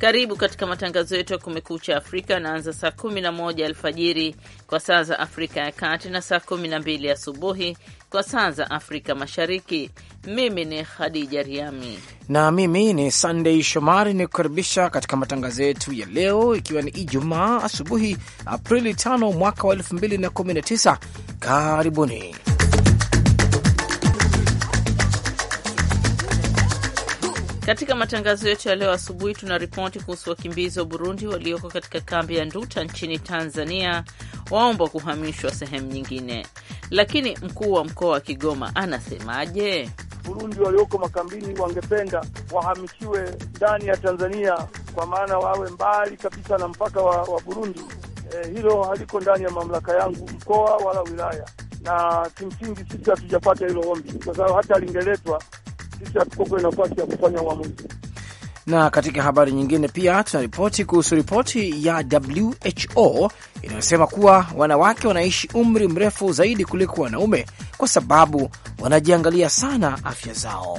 Karibu katika matangazo yetu ya Kumekucha Afrika anaanza saa 11 alfajiri kwa saa za Afrika ya Kati na saa na mbili asubuhi kwa saa za Afrika Mashariki. Mimi ni Khadija Riami na mimi ni Sandei Shomari, ni kukaribisha katika matangazo yetu ya leo, ikiwa ni Ijumaa asubuhi, Aprili 5 mwaka wa 2019. Karibuni. Katika matangazo yetu ya leo asubuhi, tuna ripoti kuhusu wakimbizi wa Burundi walioko katika kambi ya Nduta nchini Tanzania waombwa kuhamishwa sehemu nyingine. Lakini mkuu wa mkoa wa Kigoma anasemaje? Burundi walioko makambini wangependa wahamishiwe ndani ya Tanzania, kwa maana wawe mbali kabisa na mpaka wa, wa Burundi. E, hilo haliko ndani ya mamlaka yangu mkoa wala wilaya, na kimsingi sisi hatujapata hilo ombi, kwa sababu hata lingeletwa sisi hatuko kwenye nafasi ya kufanya uamuzi. Na katika habari nyingine pia tunaripoti kuhusu ripoti ya WHO inayosema kuwa wanawake wanaishi umri mrefu zaidi kuliko wanaume kwa sababu wanajiangalia sana afya zao.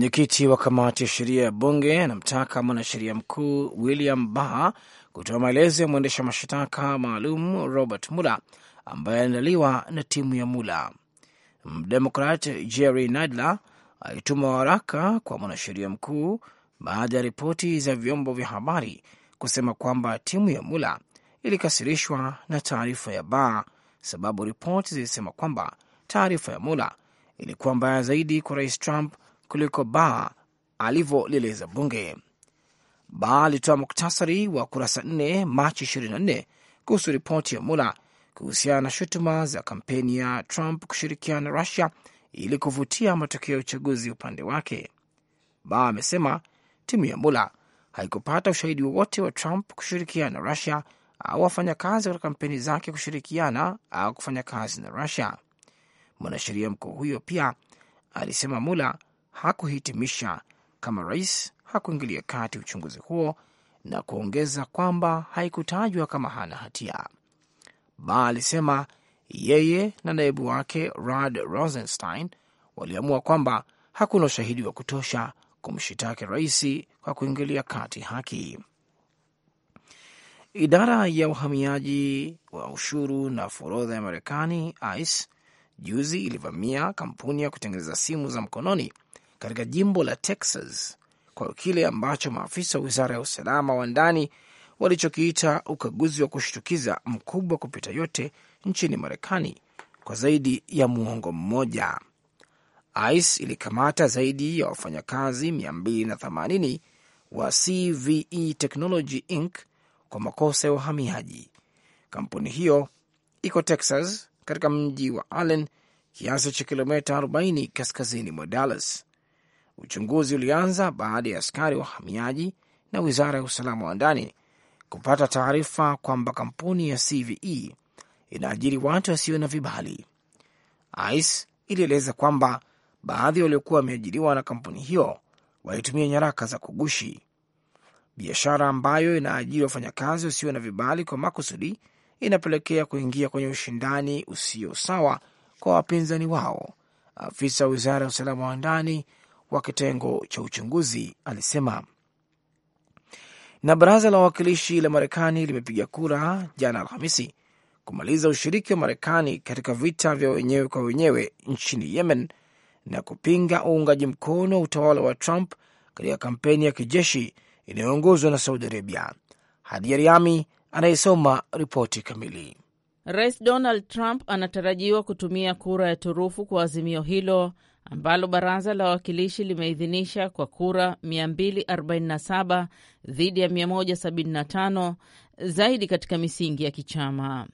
Mwenyekiti wa kamati ya sheria ya bunge anamtaka mwanasheria mkuu William Barr kutoa maelezo ya mwendesha mashtaka maalum Robert Mueller ambaye aliandaliwa na timu ya Mueller. Mdemokrat Jerry Nadler alituma waraka kwa mwanasheria mkuu baada ya ripoti za vyombo vya habari kusema kwamba timu ya Mueller ilikasirishwa na taarifa ya Barr, sababu ripoti zilisema kwamba taarifa ya Mueller ilikuwa mbaya zaidi kwa Rais Trump kuliko Ba alivyolieleza bunge. Ba alitoa muktasari wa kurasa 4 Machi 24 kuhusu ripoti ya Mula kuhusiana na shutuma za kampeni ya Trump kushirikiana na Rusia ili kuvutia matokeo ya uchaguzi upande wake. Ba amesema timu ya Mula haikupata ushahidi wowote wa Trump kushirikiana na Rusia au wafanyakazi katika kampeni zake kushirikiana au kufanya kazi na Rusia. Mwanasheria mkuu huyo pia alisema Mula hakuhitimisha kama rais hakuingilia kati uchunguzi huo na kuongeza kwamba haikutajwa kama hana hatia. Ba alisema yeye na naibu wake Rod Rosenstein waliamua kwamba hakuna ushahidi wa kutosha kumshitaki rais kwa kuingilia kati haki. Idara ya uhamiaji wa ushuru na forodha ya Marekani, ICE, juzi ilivamia kampuni ya kutengeneza simu za mkononi katika jimbo la Texas kwa kile ambacho maafisa wa wizara ya usalama wa ndani walichokiita ukaguzi wa kushtukiza mkubwa kupita yote nchini Marekani kwa zaidi ya muongo mmoja. ICE ilikamata zaidi ya wafanyakazi 280 wa CVE Technology Inc kwa makosa ya uhamiaji. Kampuni hiyo iko Texas, katika mji wa Allen, kiasi cha kilomita 40 kaskazini mwa Dallas. Uchunguzi ulianza baada ya askari wa uhamiaji na wizara ya usalama wa ndani kupata taarifa kwamba kampuni ya CVE inaajiri watu wasio na vibali. ICE ilieleza kwamba baadhi waliokuwa wameajiriwa na kampuni hiyo walitumia nyaraka za kugushi. Biashara ambayo inaajiri wafanyakazi wasio na vibali kwa makusudi inapelekea kuingia kwenye ushindani usio sawa kwa wapinzani wao, afisa wa wizara ya usalama wa ndani wa kitengo cha uchunguzi alisema. Na baraza la wawakilishi la Marekani limepiga kura jana Alhamisi kumaliza ushiriki wa Marekani katika vita vya wenyewe kwa wenyewe nchini Yemen na kupinga uungaji mkono wa utawala wa Trump katika kampeni ya kijeshi inayoongozwa na Saudi Arabia. Hadi Ariami anayesoma ripoti kamili. Rais Donald Trump anatarajiwa kutumia kura ya turufu kwa azimio hilo ambalo baraza la wawakilishi limeidhinisha kwa kura 247 dhidi ya 175 zaidi katika misingi ya kichama.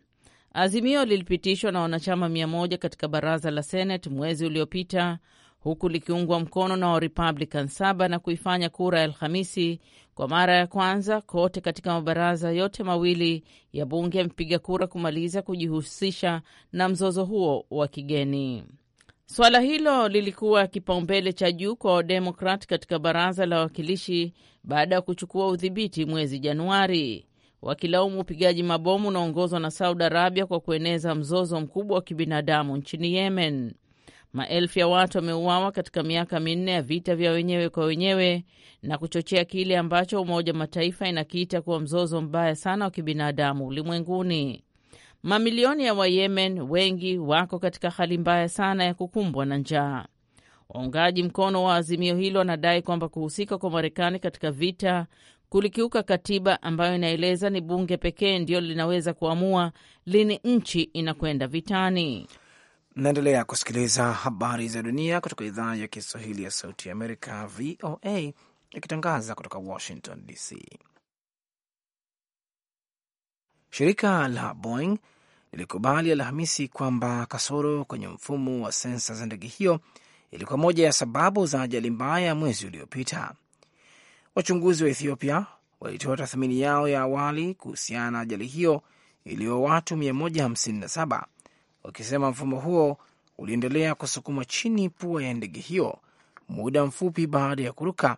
Azimio lilipitishwa na wanachama 100 katika baraza la Senate mwezi uliopita huku likiungwa mkono na Warepublican saba na kuifanya kura ya Alhamisi kwa mara ya kwanza kote katika mabaraza yote mawili ya bunge yamepiga kura kumaliza kujihusisha na mzozo huo wa kigeni. Suala hilo lilikuwa kipaumbele cha juu kwa Wademokrat katika baraza la wawakilishi baada ya kuchukua udhibiti mwezi Januari, wakilaumu upigaji mabomu unaongozwa na Saudi Arabia kwa kueneza mzozo mkubwa wa kibinadamu nchini Yemen. Maelfu ya watu wameuawa katika miaka minne ya vita vya wenyewe kwa wenyewe na kuchochea kile ambacho Umoja wa Mataifa inakiita kuwa mzozo mbaya sana wa kibinadamu ulimwenguni. Mamilioni ya Wayemen wengi wako katika hali mbaya sana ya kukumbwa na njaa. Waungaji mkono wa azimio hilo wanadai kwamba kuhusika kwa Marekani katika vita kulikiuka katiba ambayo inaeleza ni bunge pekee ndio linaweza kuamua lini nchi inakwenda vitani. Naendelea kusikiliza habari za dunia kutoka idhaa ya Kiswahili ya Sauti ya Amerika, VOA, ikitangaza kutoka Washington DC. Shirika la Boeing ilikubali Alhamisi kwamba kasoro kwenye mfumo wa sensa za ndege hiyo ilikuwa moja ya sababu za ajali mbaya mwezi uliopita. Wachunguzi wa Ethiopia walitoa tathmini yao ya awali kuhusiana na ajali hiyo iliyo watu 157 wakisema mfumo huo uliendelea kusukuma chini pua ya ndege hiyo muda mfupi baada ya kuruka,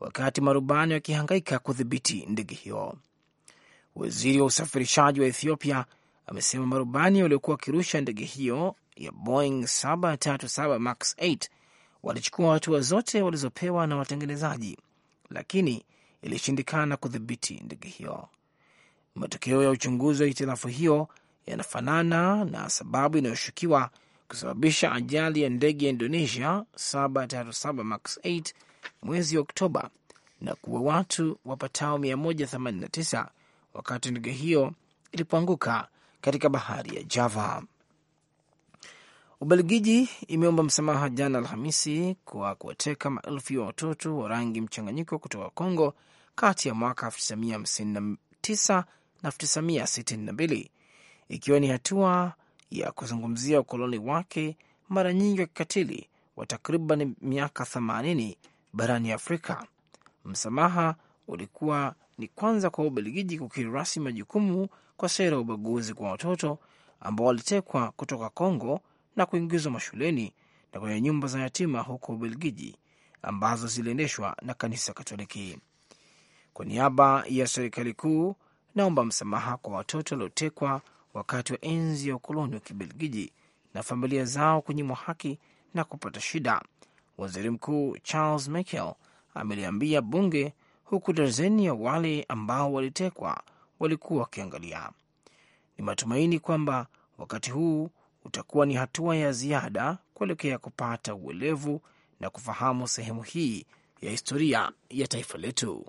wakati marubani wakihangaika kudhibiti ndege hiyo. Waziri wa usafirishaji wa Ethiopia amesema marubani waliokuwa wakirusha ndege hiyo ya Boeing 737 Max 8 walichukua hatua zote walizopewa na watengenezaji, lakini ilishindikana kudhibiti ndege hiyo. Matokeo ya uchunguzi wa hitilafu hiyo yanafanana na sababu inayoshukiwa kusababisha ajali ya ndege ya Indonesia 737 Max 8 mwezi Oktoba na kuwa watu wapatao 189 wakati ndege hiyo ilipoanguka katika bahari ya Java. Ubelgiji imeomba msamaha jana Alhamisi kwa kuwateka maelfu ya watoto wa rangi mchanganyiko kutoka Kongo kati ya mwaka 1959 na 1962 ikiwa ni hatua ya kuzungumzia ukoloni wake mara nyingi wa kikatili wa takriban miaka 80 barani Afrika. Msamaha ulikuwa ni kwanza kwa Ubelgiji kukiri rasmi majukumu kwa sera ya ubaguzi kwa watoto ambao walitekwa kutoka congo na kuingizwa mashuleni na kwenye nyumba za yatima huko Ubelgiji ambazo ziliendeshwa na kanisa Katoliki. Kwa niaba ya serikali kuu, naomba msamaha kwa watoto waliotekwa wakati wa enzi ya ukoloni wa Kibelgiji na familia zao kunyimwa haki na kupata shida, waziri mkuu Charles Michel ameliambia bunge, huku darzeni ya wale ambao walitekwa walikuwa wakiangalia. Ni matumaini kwamba wakati huu utakuwa ni hatua ya ziada kuelekea kupata uelevu na kufahamu sehemu hii ya historia ya taifa letu.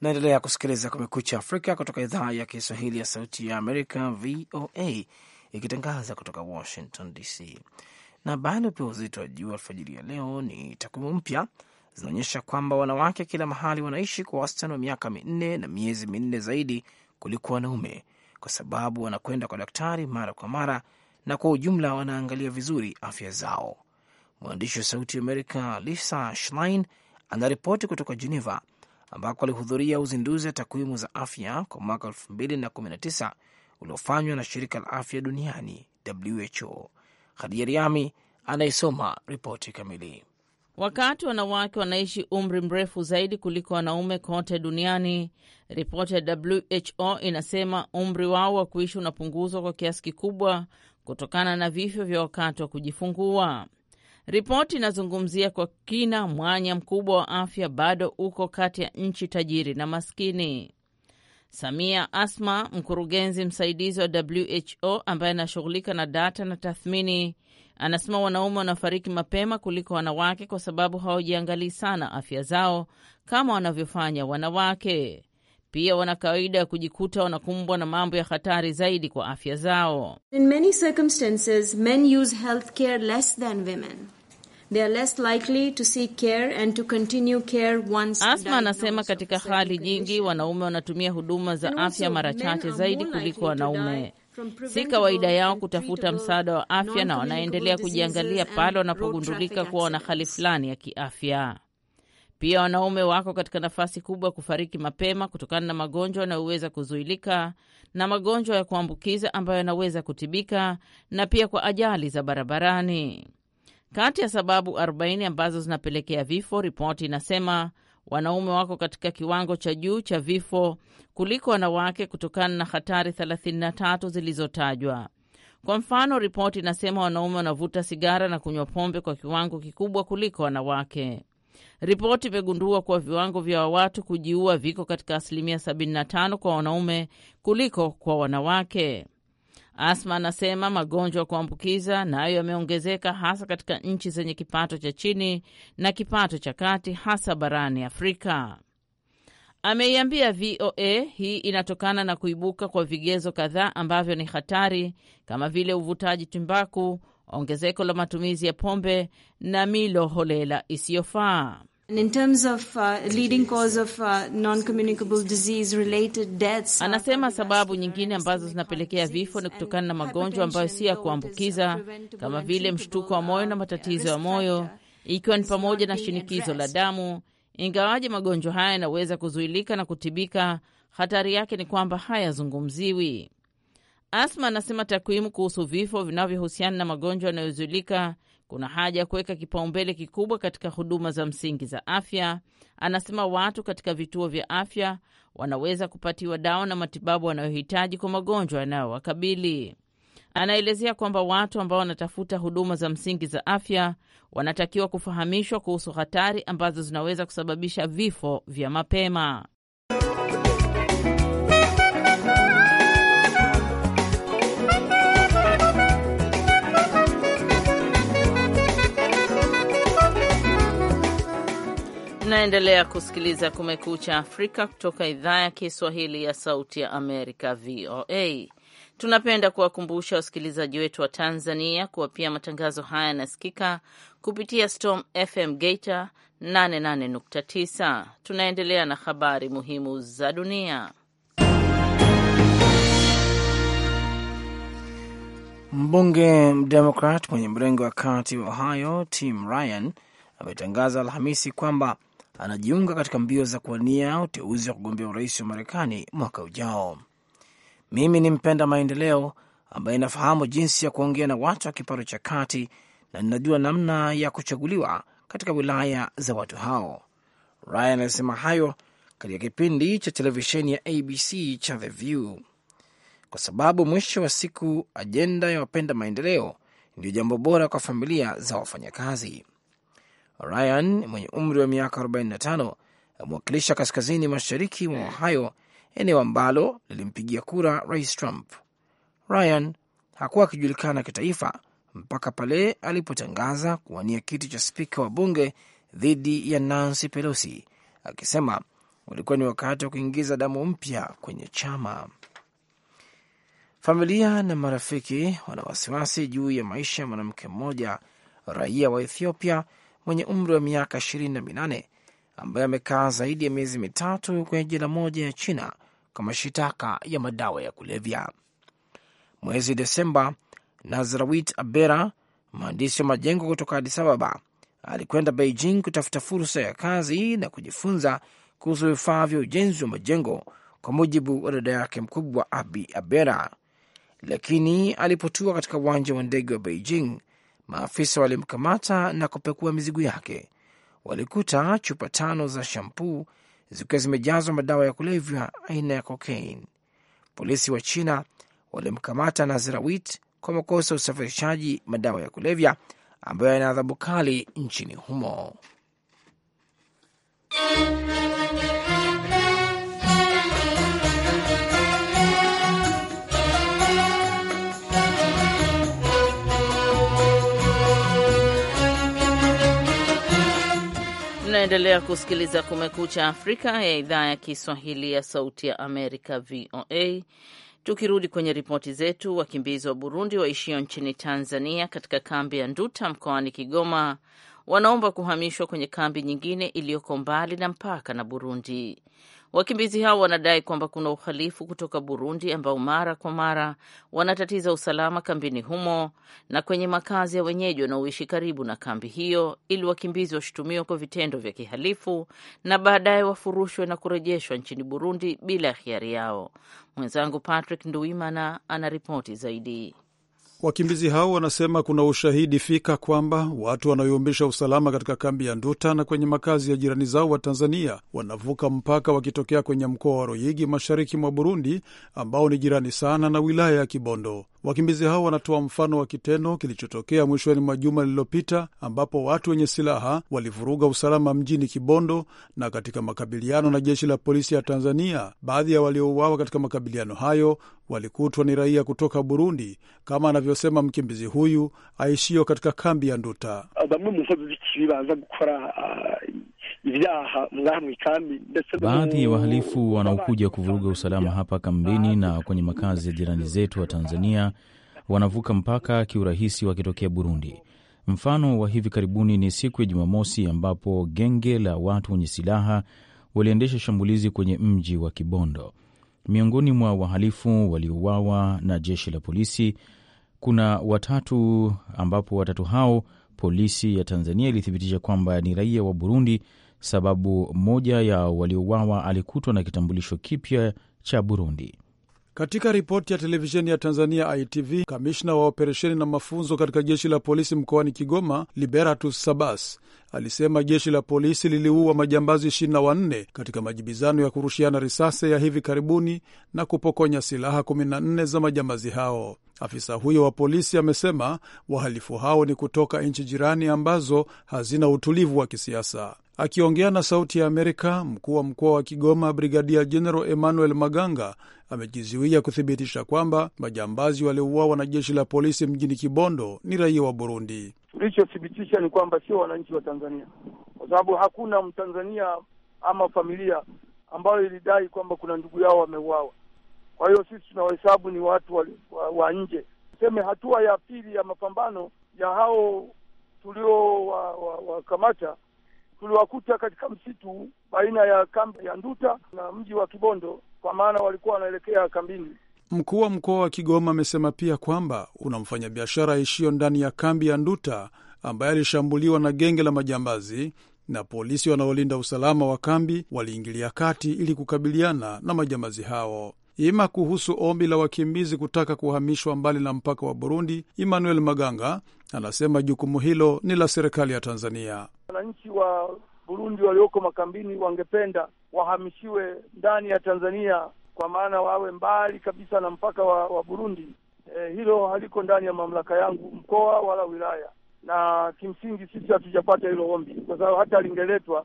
Naendelea kusikiliza Kumekucha Afrika kutoka idhaa ya Kiswahili ya Sauti ya Amerika, VOA, ikitangaza kutoka Washington DC. Na bado pia uzito wa juu alfajiri ya leo ni takwimu mpya zinaonyesha kwamba wanawake kila mahali wanaishi kwa wastani wa miaka minne na miezi minne zaidi kuliko wanaume, kwa sababu wanakwenda kwa daktari mara kwa mara na kwa ujumla wanaangalia vizuri afya zao. Mwandishi wa Sauti ya Amerika Lisa Schlein anaripoti kutoka Geneva ambako alihudhuria uzinduzi wa takwimu za afya kwa mwaka 2019 uliofanywa na shirika la afya duniani WHO. Khadija Riami anayesoma ripoti kamili. Wakati wanawake wanaishi umri mrefu zaidi kuliko wanaume kote duniani, ripoti ya WHO inasema umri wao wa kuishi unapunguzwa kwa kiasi kikubwa kutokana na vifo vya wakati wa kujifungua. Ripoti inazungumzia kwa kina mwanya mkubwa wa afya bado uko kati ya nchi tajiri na maskini. Samia Asma, mkurugenzi msaidizi wa WHO ambaye anashughulika na data na tathmini, anasema wanaume wanafariki mapema kuliko wanawake kwa sababu hawajiangalii sana afya zao kama wanavyofanya wanawake. Pia wana kawaida ya kujikuta wanakumbwa na mambo ya hatari zaidi kwa afya zao. In many circumstances men use healthcare less than women. They are less likely to seek care and to continue care once Asma anasema katika hali nyingi wanaume wanatumia huduma za afya mara chache zaidi kuliko wanaume. Si kawaida yao kutafuta msaada wa afya na wanaendelea kujiangalia pale wanapogundulika kuwa wana hali fulani ya kiafya. Pia wanaume wako katika nafasi kubwa ya kufariki mapema kutokana na magonjwa yanayoweza kuzuilika na magonjwa ya kuambukiza ambayo yanaweza kutibika na pia kwa ajali za barabarani. Kati ya sababu 40 ambazo zinapelekea vifo, ripoti inasema wanaume wako katika kiwango cha juu cha vifo kuliko wanawake kutokana na hatari 33 zilizotajwa. Kwa mfano, ripoti inasema wanaume wanavuta sigara na kunywa pombe kwa kiwango kikubwa kuliko wanawake. Ripoti imegundua kuwa viwango vya watu kujiua viko katika asilimia 75 kwa wanaume kuliko kwa wanawake. Asma anasema magonjwa ya kuambukiza nayo yameongezeka hasa katika nchi zenye kipato cha chini na kipato cha kati, hasa barani Afrika. Ameiambia VOA hii inatokana na kuibuka kwa vigezo kadhaa ambavyo ni hatari kama vile uvutaji tumbaku, ongezeko la matumizi ya pombe na milo holela isiyofaa. Uh, uh, uh, anasema sababu nyingine ambazo zinapelekea vifo ni kutokana na magonjwa ambayo si ya kuambukiza kama vile mshtuko wa moyo na matatizo ya moyo, ikiwa ni pamoja na shinikizo la damu. Ingawaje magonjwa haya yanaweza kuzuilika na kutibika, hatari yake ni kwamba hayazungumziwi. Asma anasema takwimu kuhusu vifo vinavyohusiana na magonjwa yanayozuilika kuna haja ya kuweka kipaumbele kikubwa katika huduma za msingi za afya. Anasema watu katika vituo vya afya wanaweza kupatiwa dawa na matibabu wanayohitaji kwa magonjwa yanayowakabili. Anaelezea kwamba watu ambao wanatafuta huduma za msingi za afya wanatakiwa kufahamishwa kuhusu hatari ambazo zinaweza kusababisha vifo vya mapema. Mnaendelea kusikiliza Kumekucha Afrika kutoka idhaa ya Kiswahili ya Sauti ya Amerika, VOA. Tunapenda kuwakumbusha wasikilizaji wetu wa Tanzania kuwa pia matangazo haya yanasikika kupitia Storm FM Geita 88.9. Tunaendelea na habari muhimu za dunia. Mbunge mdemokrat mwenye mrengo wa kati wa Ohio Tim Ryan ametangaza Alhamisi kwamba anajiunga katika mbio za kuwania uteuzi wa kugombea urais wa Marekani mwaka ujao. Mimi ni mpenda maendeleo ambaye inafahamu jinsi ya kuongea na watu wa kipato cha kati na ninajua namna ya kuchaguliwa katika wilaya za watu hao. Ryan alisema hayo katika kipindi cha televisheni ya ABC cha The View, kwa sababu mwisho wa siku ajenda ya wapenda maendeleo ndiyo jambo bora kwa familia za wafanyakazi. Ryan mwenye umri wa miaka 45 amewakilisha kaskazini mashariki mwa Ohio, eneo ambalo lilimpigia kura rais Trump. Ryan hakuwa akijulikana kitaifa mpaka pale alipotangaza kuwania kiti cha spika wa bunge dhidi ya Nancy Pelosi, akisema ulikuwa ni wakati wa kuingiza damu mpya kwenye chama. Familia na marafiki wana wasiwasi juu ya maisha ya mwanamke mmoja raia wa Ethiopia mwenye umri wa miaka ishirini na minane ambaye amekaa zaidi ya miezi mitatu kwenye jela moja ya China kwa mashitaka ya madawa ya kulevya. Mwezi Desemba, Nazrawit Abera, mhandisi wa majengo kutoka Addis Ababa, alikwenda Beijing kutafuta fursa ya kazi na kujifunza kuhusu vifaa vya ujenzi wa majengo, kwa mujibu wa dada yake mkubwa Abi Abera. Lakini alipotua katika uwanja wa ndege wa Beijing, Maafisa walimkamata na kupekua mizigo yake, walikuta chupa tano za shampuu zikiwa zimejazwa madawa ya kulevya aina ya kokain. Polisi wa China walimkamata Nazirawit kwa makosa ya usafirishaji madawa ya kulevya ambayo yana adhabu kali nchini humo. Unaendelea kusikiliza Kumekucha Afrika ya idhaa ya Kiswahili ya Sauti ya Amerika, VOA. Tukirudi kwenye ripoti zetu, wakimbizi wa Burundi waishio nchini Tanzania katika kambi ya Nduta mkoani Kigoma wanaomba kuhamishwa kwenye kambi nyingine iliyoko mbali na mpaka na Burundi. Wakimbizi hao wanadai kwamba kuna uhalifu kutoka Burundi ambao mara kwa mara wanatatiza usalama kambini humo na kwenye makazi ya wenyeji wanaoishi karibu na kambi hiyo, ili wakimbizi washutumiwe kwa vitendo vya kihalifu na baadaye wafurushwe na kurejeshwa nchini Burundi bila ya hiari yao. Mwenzangu Patrick Nduimana anaripoti zaidi. Wakimbizi hao wanasema kuna ushahidi fika kwamba watu wanaoyumbisha usalama katika kambi ya Nduta na kwenye makazi ya jirani zao wa Tanzania wanavuka mpaka wakitokea kwenye mkoa wa Royigi mashariki mwa Burundi, ambao ni jirani sana na wilaya ya Kibondo. Wakimbizi hao wanatoa mfano wa kitendo kilichotokea mwishoni mwa juma lililopita, ambapo watu wenye silaha walivuruga usalama mjini Kibondo, na katika makabiliano na jeshi la polisi ya Tanzania, baadhi ya waliouawa katika makabiliano hayo walikutwa ni raia kutoka Burundi, kama anavyosema mkimbizi huyu aishio katika kambi ya Nduta. Ah, Baadhi ya wahalifu wanaokuja kuvuruga usalama hapa kambini na kwenye makazi ya jirani zetu wa Tanzania wanavuka mpaka kiurahisi wakitokea Burundi. Mfano wa hivi karibuni ni siku ya Jumamosi ambapo genge la watu wenye silaha waliendesha shambulizi kwenye mji wa Kibondo. Miongoni mwa wahalifu waliouawa na jeshi la polisi kuna watatu, ambapo watatu hao polisi ya Tanzania ilithibitisha kwamba ni raia wa Burundi, sababu mmoja ya waliouawa alikutwa na kitambulisho kipya cha Burundi. Katika ripoti ya televisheni ya Tanzania ITV, kamishna wa operesheni na mafunzo katika jeshi la polisi mkoani Kigoma, Liberatus Sabas, alisema jeshi la polisi liliua majambazi 24 katika majibizano ya kurushiana risasi ya hivi karibuni na kupokonya silaha 14 za majambazi hao. Afisa huyo wa polisi amesema wahalifu hao ni kutoka nchi jirani ambazo hazina utulivu wa kisiasa. Akiongea na Sauti ya Amerika, mkuu wa mkoa wa Kigoma Brigadia Jeneral Emmanuel Maganga amejizuia kuthibitisha kwamba majambazi waliouawa na jeshi la polisi mjini Kibondo ni raia wa Burundi. Kilichothibitisha ni kwamba sio wananchi wa Tanzania, kwa sababu hakuna Mtanzania ama familia ambayo ilidai kwamba kuna ndugu yao wameuawa. Kwa hiyo sisi tunawahesabu ni watu wa, wa, wa nje. Tuseme hatua ya pili ya mapambano ya hao tuliowakamata wa, wa tuliwakuta katika msitu baina ya kambi ya Nduta na mji wa Kibondo, kwa maana walikuwa wanaelekea kambini. Mkuu wa mkoa wa Kigoma amesema pia kwamba kuna mfanyabiashara aishio ndani ya kambi ya Nduta ambaye alishambuliwa na genge la majambazi na polisi wanaolinda usalama wa kambi waliingilia kati ili kukabiliana na majambazi hao. Ima kuhusu ombi la wakimbizi kutaka kuhamishwa mbali na mpaka wa Burundi, Emmanuel Maganga anasema jukumu hilo ni la serikali ya Tanzania wananchi wa Burundi walioko makambini wangependa wahamishiwe ndani ya Tanzania, kwa maana wawe mbali kabisa na mpaka wa, wa Burundi. E, hilo haliko ndani ya mamlaka yangu mkoa wala wilaya, na kimsingi sisi hatujapata hilo ombi, kwa sababu hata lingeletwa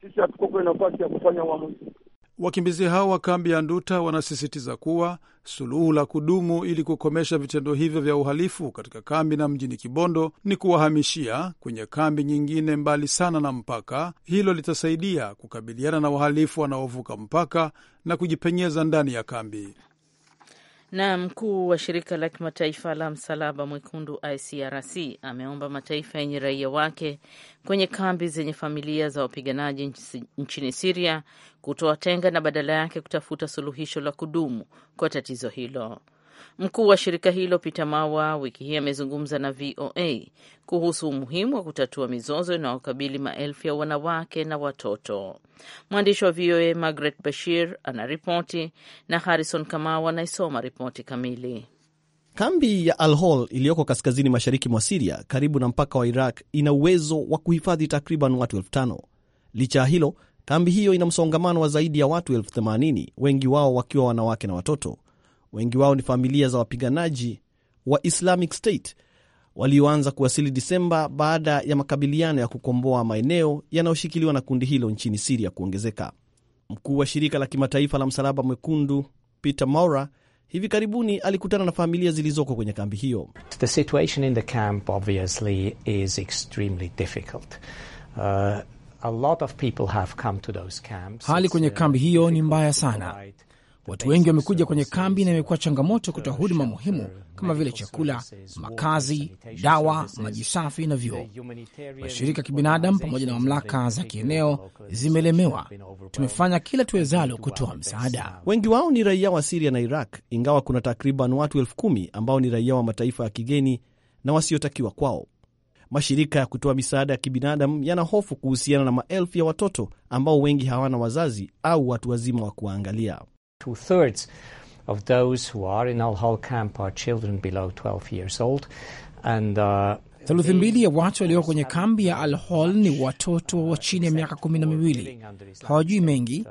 sisi hatuko kwenye nafasi ya kufanya uamuzi. Wakimbizi hao wa kambi ya Nduta wanasisitiza kuwa suluhu la kudumu ili kukomesha vitendo hivyo vya uhalifu katika kambi na mjini Kibondo ni kuwahamishia kwenye kambi nyingine mbali sana na mpaka. Hilo litasaidia kukabiliana na wahalifu wanaovuka mpaka na kujipenyeza ndani ya kambi. Na mkuu wa shirika la kimataifa la msalaba mwekundu ICRC ameomba mataifa yenye raia wake kwenye kambi zenye familia za wapiganaji nchini Siria kutoa tenga na badala yake kutafuta suluhisho la kudumu kwa tatizo hilo. Mkuu wa shirika hilo Peter Mawa wiki hii amezungumza na VOA kuhusu umuhimu wa kutatua mizozo inayokabili maelfu ya wanawake na watoto. Mwandishi wa VOA Margaret Bashir anaripoti na Harrison Kamau anaisoma ripoti kamili. Kambi ya Al Hol iliyoko kaskazini mashariki mwa Siria karibu na mpaka wa Iraq ina uwezo wa kuhifadhi takriban watu elfu tano. Licha ya hilo, kambi hiyo ina msongamano wa zaidi ya watu elfu themanini, wengi wao wakiwa wanawake na watoto. Wengi wao ni familia za wapiganaji wa Islamic State walioanza kuwasili Disemba baada ya makabiliano ya kukomboa maeneo yanayoshikiliwa na kundi hilo nchini Siria kuongezeka. Mkuu wa shirika la kimataifa la Msalaba Mwekundu Peter Maurer hivi karibuni alikutana na familia zilizoko kwenye kambi hiyo. The situation in the camp obviously is extremely difficult. Uh, a lot of people have come to those camps. Hali kwenye uh, kambi hiyo ni mbaya sana. Watu wengi wamekuja kwenye kambi na imekuwa changamoto kutoa huduma muhimu kama vile chakula, makazi, dawa, maji safi na vyoo. Mashirika ya kibinadamu pamoja na mamlaka za kieneo zimelemewa. Tumefanya kila tuwezalo kutoa msaada. Wengi wao ni raia wa Siria na Iraq, ingawa kuna takriban watu elfu kumi ambao ni raia wa mataifa ya kigeni na wasiotakiwa kwao. Mashirika ya kutoa misaada ya kibinadamu yana hofu kuhusiana na maelfu ya watoto ambao wengi hawana wazazi au watu wazima wa kuwaangalia. Two-thirds of those who are in Al-Hol camp are children below 12 years old and uh, Theluthi mbili ya watu walio kwenye kambi ya Al-Hol ni watoto wa chini ya miaka kumi na miwili. Hawajui mengi,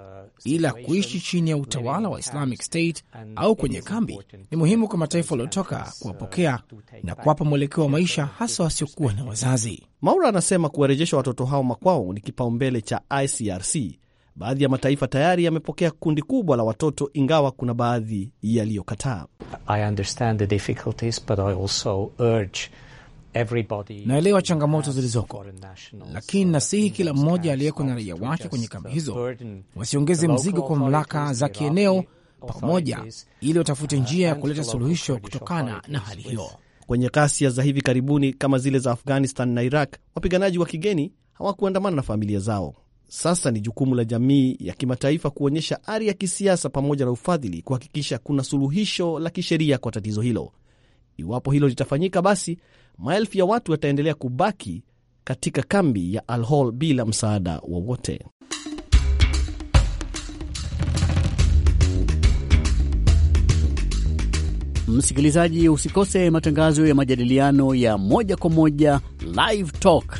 ila kuishi chini ya utawala wa Islamic State au kwenye kambi ni muhimu kwa mataifa waliotoka kuwapokea na kuwapa mwelekeo wa maisha, hasa wasiokuwa na wazazi. Maura anasema kuwarejesha watoto hao makwao ni kipaumbele cha ICRC Baadhi ya mataifa tayari yamepokea kundi kubwa la watoto, ingawa kuna baadhi yaliyokataa. Naelewa changamoto zilizoko, lakini nasihi kila mmoja aliyeko na raia wake kwenye kambi hizo wasiongeze mzigo kwa mamlaka za kieneo pamoja, ili watafute uh, njia ya kuleta suluhisho kutokana na hali hiyo. Kwenye ghasia za hivi karibuni kama zile za Afghanistan na Iraq, wapiganaji wa kigeni hawakuandamana na familia zao, sasa ni jukumu la jamii ya kimataifa kuonyesha ari ya kisiasa pamoja na ufadhili kuhakikisha kuna suluhisho la kisheria kwa tatizo hilo. Iwapo hilo litafanyika, basi maelfu ya watu wataendelea kubaki katika kambi ya Al Hol bila msaada wowote. Msikilizaji, usikose matangazo ya majadiliano ya moja kwa moja Live Talk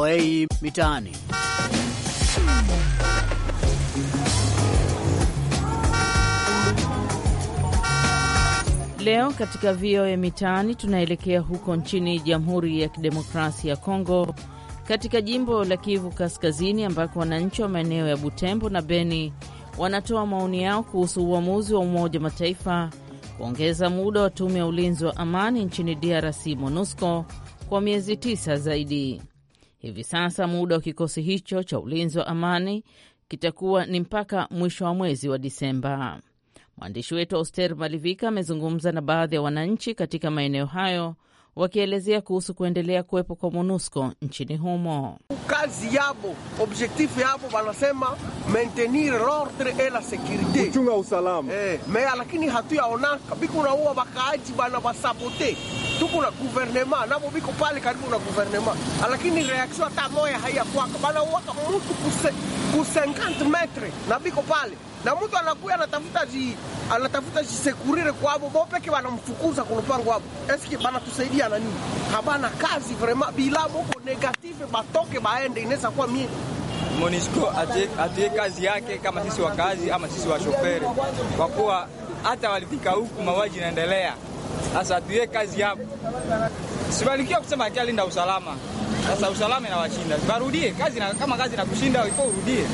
VOA Mitaani. Leo katika VOA Mitaani tunaelekea huko nchini Jamhuri ya Kidemokrasia ya Kongo, katika jimbo la Kivu Kaskazini, ambako wananchi wa maeneo ya Butembo na Beni wanatoa maoni yao kuhusu uamuzi wa Umoja wa Mataifa kuongeza muda wa tume ya ulinzi wa amani nchini DRC, MONUSCO, kwa miezi tisa zaidi. Hivi sasa muda wa kikosi hicho cha ulinzi wa amani kitakuwa ni mpaka mwisho wa mwezi wa Disemba. Mwandishi wetu auster Malivika amezungumza na baadhi ya wananchi katika maeneo hayo wakielezea kuhusu kuendelea kuwepo kwa MONUSCO nchini humo. Kazi yabo objektifu yabo wanasema maintenir l'ordre et la securite, kuchunga usalama eh, mea lakini hatuyaonaka bikunauwa wakaaji bana wasabote tuko na guvernema nabo biko pale karibu na guvernema, lakini reaksio hata moya haiyakwaka. Banauwaka mutu ku 50 metre na biko pale na mtu anakuya anatafuta ji anatafuta jisekurire kwabo bo peke wanamfukuza kulupango hapo. Eske banatusaidia na nini? Habana kazi vrema bila boko negative batoke baende, inesa kuwa mie Monisco atie kazi yake kama sisi wakazi ama sisi washoferi, kwa kuwa hata walifika huku mawaji inaendelea sasa tuye kazi hapo, sibarikiwa kusema akia linda usalama. Sasa usalama inawashinda, barudie kazi na, kama kazi nakushinda iko urudie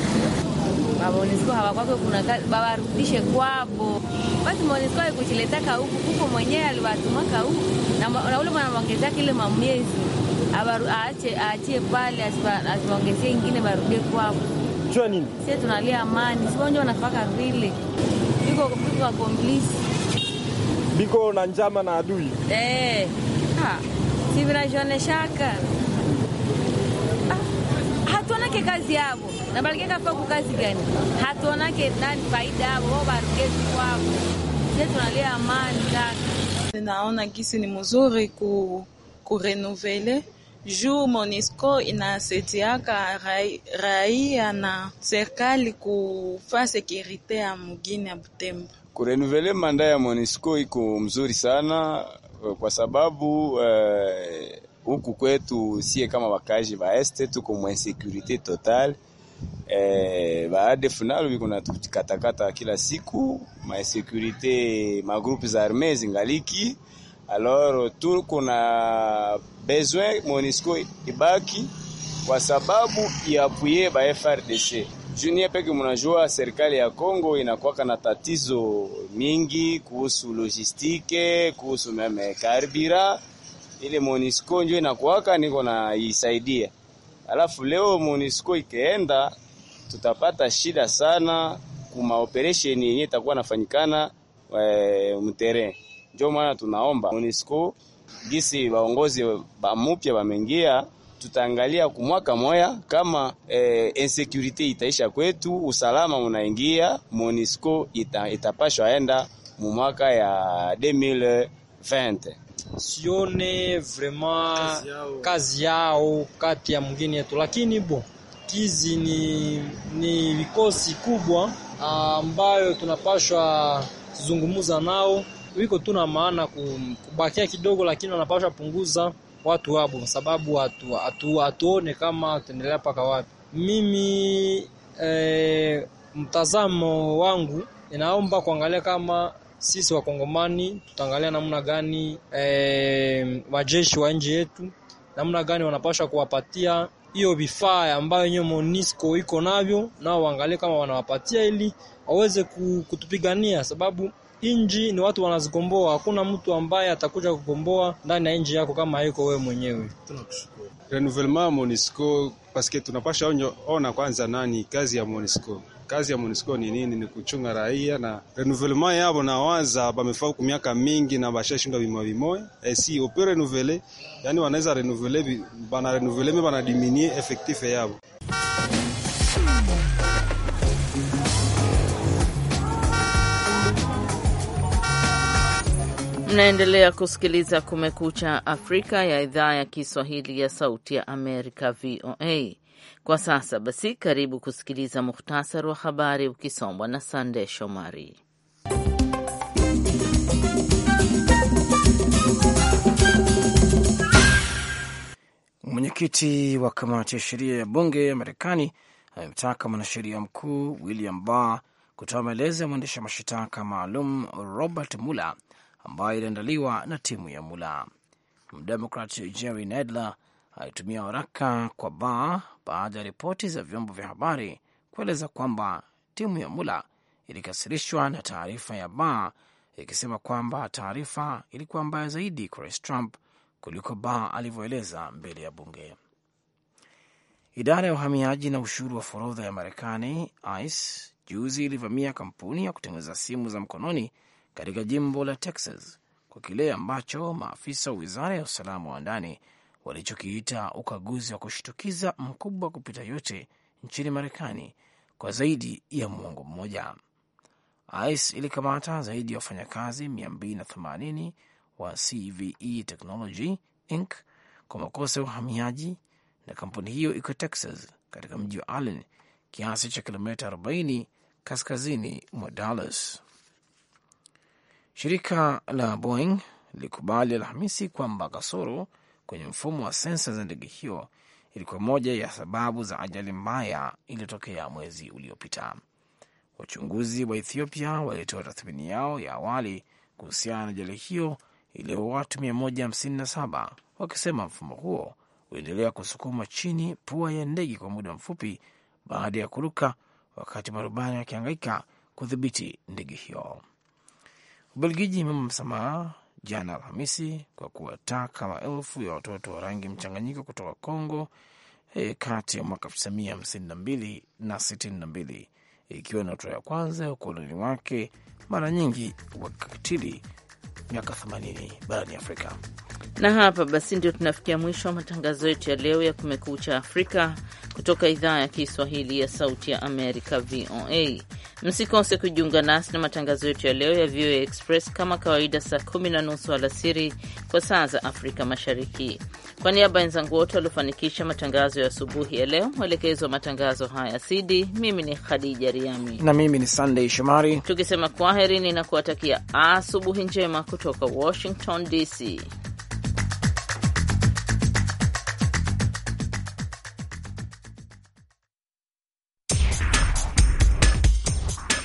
baba hawa kwako kuna rudishe kwapo basi. Monesco ka huku kuko mwenyewe ka huku na ule mwanaongezaka kile mamiezi aache aachie pale, asiwaongezie ingine barudie kwapo. Jua nini, Sisi tunalia amani, sio nje wanafaka vile kwa kwa komplisi biko na njama na adui eh. si vinajoneshaka ah, hatuonake kazi yavo nabalikekafaku kazi gani hatuonake nani faida yavo wao barugezi kwavo sie tunalia amani kaka. Naona gisi ni mzuri ku kurenuvele juu Monisco inasetiaka raia na serikali kufaa sekurite ya mugini ya Butembo. Kurenuvele manda ya MONUSCO iko mzuri sana eh, kwa sababu eh, huku uh, kwetu sie kama wakaji eh, ba este tuko mu insecurite total. Eh, ADF nalo biko na tukatakata kila siku ma insecurite ma groupes za zingaliki. Alors tuko na besoin MONUSCO ibaki kwa sababu iapuye ba FRDC Junie peke, Mnajua serikali ya Kongo inakuwa na tatizo mingi kuhusu logistike, kuhusu meme karbira, ile Monisco njo inakuwaka niko na isaidia. Alafu leo Monisco ikeenda, tutapata shida sana kuma operation yenye itakuwa nafanyikana eh, mtere. njo Ndio maana tunaomba Monisco gisi baongozi bamupya bamengia tutaangalia kumwaka moya kama eh, insecurity itaisha kwetu, usalama unaingia. Monisco ita, itapashwa enda mumwaka ya 2020 sione vraiment kazi yao, kazi yao kati ya mgeni yetu, lakini bo kizi ni, ni vikosi kubwa ah, ambayo tunapashwa zungumuza nao, wiko tuna maana kubakia kidogo, lakini wanapashwa punguza watu wapo, kwa sababu watu hatuone atu, atu, kama tuendelea mpaka wapi. Mimi e, mtazamo wangu inaomba kuangalia kama sisi Wakongomani tutaangalia namna gani e, eh, wajeshi wa nchi yetu namna gani wanapaswa kuwapatia hiyo vifaa ambayo yenyewe Monisco iko navyo, nao waangalie kama wanawapatia ili waweze kutupigania sababu Inji ni watu wanazigomboa hakuna mtu ambaye atakuja kugomboa ndani ya inji yako kama haiko wewe mwenyewe. Tunakushukuru renouvellement Monisco paske tunapasha onyo, ona kwanza nani kazi ya Monisco kazi ya Monisco ni nini? Ni kuchunga raia na renouvellement yabo na waza bamefaa ku miaka mingi na bashashinda bima bimoya e si ope renouvele, yani wanaweza renouvele bana renouvele me bana diminuer effectif yabo Mnaendelea kusikiliza Kumekucha Afrika ya idhaa ya Kiswahili ya Sauti ya Amerika, VOA. Kwa sasa basi, karibu kusikiliza muhtasari wa habari ukisombwa na Sande Shomari. Mwenyekiti wa kamati ya sheria ya bunge ya Marekani amemtaka mwanasheria mkuu William Barr kutoa maelezo ya mwendesha mashitaka maalum Robert Mueller ambayo iliandaliwa na timu ya Mula. Mdemokrat Jerry Nadler alitumia waraka kwa Barr baada ya ripoti za vyombo vya habari kueleza kwamba timu ya Mula ilikasirishwa na taarifa ya Barr ikisema kwamba taarifa ilikuwa mbaya zaidi kwa Rais Trump kuliko Barr alivyoeleza mbele ya bunge. Idara ya uhamiaji na ushuru wa forodha ya Marekani, ICE, juzi ilivamia kampuni ya kutengeneza simu za mkononi katika jimbo la Texas kwa kile ambacho maafisa wa wizara ya usalama wa ndani walichokiita ukaguzi wa kushtukiza mkubwa kupita yote nchini Marekani kwa zaidi ya mwongo mmoja. ICE ilikamata zaidi ya wafanyakazi 280 wa CVE Technology Inc kwa makosa ya uhamiaji, na kampuni hiyo iko Texas, katika mji wa Allen, kiasi cha kilomita 40 kaskazini mwa Dallas. Shirika la Boeing lilikubali Alhamisi kwamba kasoro kwenye mfumo wa sensa za ndege hiyo ilikuwa moja ya sababu za ajali mbaya iliyotokea mwezi uliopita. Wachunguzi wa Ethiopia walitoa tathmini yao ya awali kuhusiana na ajali hiyo iliyo watu 157 wakisema mfumo huo uliendelea kusukuma chini pua ya ndege kwa muda mfupi baada ya kuruka, wakati marubani wakiangaika kudhibiti ndege hiyo. Ubelgiji imema msamaha jana Alhamisi kwa kuwataka maelfu ya watoto wa rangi mchanganyiko kutoka Congo e, eh, kati ya mwaka 1952 na 62 ikiwa ni hatua ya kwanza ya ukoloni wake mara nyingi wa kikatili miaka 80 barani Afrika. Na hapa basi ndio tunafikia mwisho wa matangazo yetu ya leo ya Kumekucha Afrika kutoka idhaa ya Kiswahili ya Sauti ya Amerika, VOA. Msikose kujiunga nasi na matangazo yetu ya leo ya VOA Express kama kawaida, saa kumi na nusu alasiri kwa saa za Afrika Mashariki. Kwa niaba ya wenzangu wote waliofanikisha matangazo ya asubuhi ya leo, mwelekezi wa matangazo haya sidi, mimi ni Khadija Riami na mimi ni Sandey Shomari, tukisema kwaherini na kuwatakia asubuhi njema kutoka Washington DC.